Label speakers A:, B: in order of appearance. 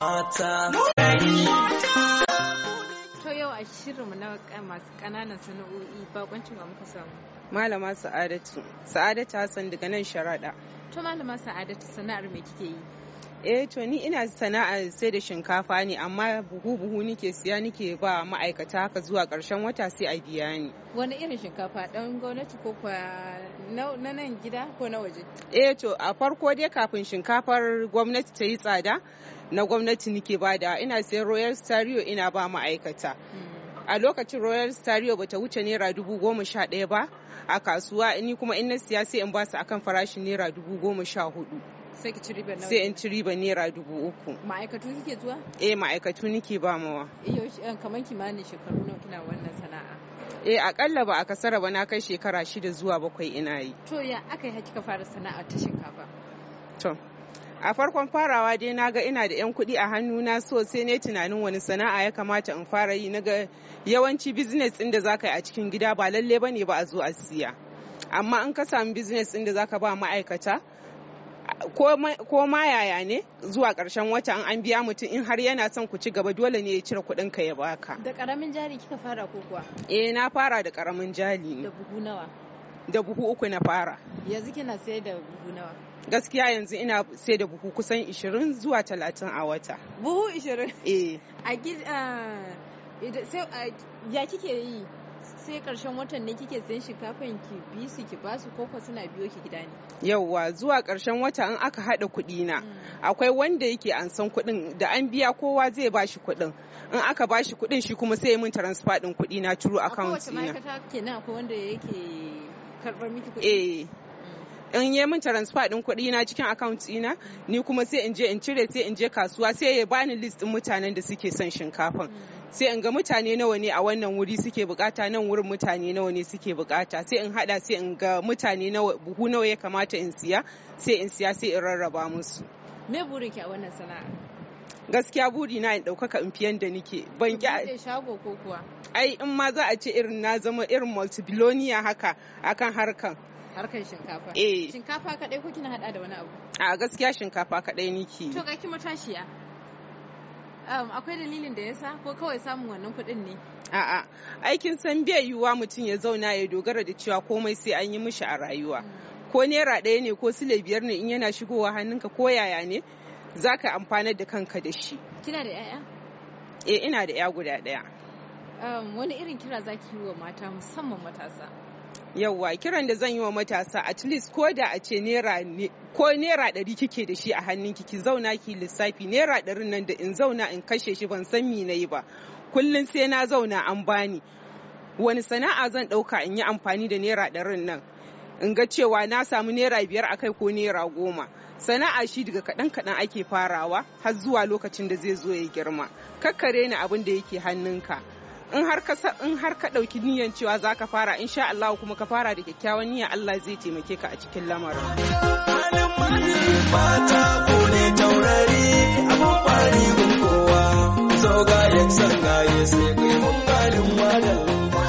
A: mata. To yau a shirinmu na masu ƙananan sana'o'i bakoncin wa muka samu. Malama Sa'adatu, Sa'adatu Hassan daga nan sharaɗa. To Malama Sa'adatu sana'ar me kike yi? eh to ni ina sana'a sai da shinkafa ne amma buhu buhu nike siya nike ba ma'aikata haka zuwa karshen wata sai a biya ni wani irin shinkafa dan gwamnati ko kwa na nan gida ko na waje eh to a farko dai kafin shinkafar gwamnati ta yi tsada na gwamnati nike bada ina siyan royal stereo ina ba ma'aikata mm. a lokacin royal stereo bata wuce naira dubu goma sha ɗaya ba a kasuwa ni kuma in na siya sai in basu akan farashin naira dubu goma sha hudu sai in ci riba naira dubu uku ma'aikatu kike zuwa eh ma'aikatu nike ba mawa eh, eh, kamar kimanin shekaru nawa kina wannan sana'a eh akalla ba a kasara ba na kai shekara shida zuwa bakwai ina yi to ya aka yi hakika fara sana'a ta shinkafa to a farkon farawa dai na ga ina da 'yan kuɗi a hannuna so sai ne tunanin wani sana'a ya kamata in fara yi na ga yawanci business ɗin da za ka yi a cikin gida ba lalle ba ne ba a zo a siya amma in ka samu business ɗin da za ka ba ma'aikata ko ma yaya ne zuwa ƙarshen wata an biya mutum in har yana son ku ci gaba dole ne ya cire kuɗin ka ya baka da ƙaramin jari kika fara ko kuwa eh na fara da ƙaramin jari ne da buhu nawa da buhu uku na fara yanzu kina sai da buhu nawa gaskiya yanzu ina sai da buhu kusan 20 zuwa 30 a wata buhu 20 eh a sai ya kike yi sai karshen watan ne kike sayan shinkafan ki bi su ki ba su koko suna biyo ki gida ne Yawwa, zuwa karshen wata in aka hada kuɗi na mm. akwai wanda yake an san kuɗin da an biya kowa zai ba shi kuɗin in aka ba shi kuɗin shi kuma sai mun transfer din kuɗi na turu account na akwai wata ma'aikata kenan akwai wanda yake karɓar miki kuɗi eh in yi min transfer din kuɗi na cikin account ina ni kuma sai in je in cire sai in je kasuwa sai ya bani list din mutanen da suke son shinkafan mm. sai in ga mutane nawa ne a wannan wuri suke bukata nan wurin mutane nawa ne suke bukata sai in hada sai in ga mutane nawa buhu nawa ya kamata in siya sai in siya sai in rarraba musu me burin ki a wannan sana'a gaskiya buri na in ɗaukaka in fiye da nike ban ki shago ko kuwa ai in ma za a ce irin na zama irin multibiloniya haka akan harkan harkan shinkafa eh shinkafa kadai ko kina hada da wani abu a gaskiya shinkafa kadai nike to ga ki matashiya um, akwai dalilin da yasa ko kawai samun wannan kuɗin ne a'a aikin san bai yiwuwa mutum ya zauna ya dogara da cewa komai sai an yi mishi a rayuwa mm. ko naira ɗaya ne ko sile biyar ne in yana shigowa hannunka ko yaya ne za ka amfanar da kanka da shi kina da 'ya'ya eh ina da 'ya guda ɗaya um, wani irin kira za ki yi wa mata musamman matasa yawwa kiran da zan yi wa matasa at least ko da a ce naira ko nera ɗari kike da shi a hannunki ki zauna ki lissafi nera ɗarin nan da in zauna in kashe shi ban san mi na yi ba kullum sai na zauna an bani wani sana'a zan ɗauka in yi amfani da nera ɗarin nan in ga cewa na samu naira biyar a kai ko naira goma sana'a shi daga kaɗan kaɗan ake farawa har zuwa lokacin da zai zo ya girma kakkare ni abin da yake hannunka in har ka in har ka ɗauki niyan cewa za ka fara insha Allah kuma ka fara da kyakkyawan niyya Allah zai taimake ka a cikin lamarin mata ko taurari sai kai mun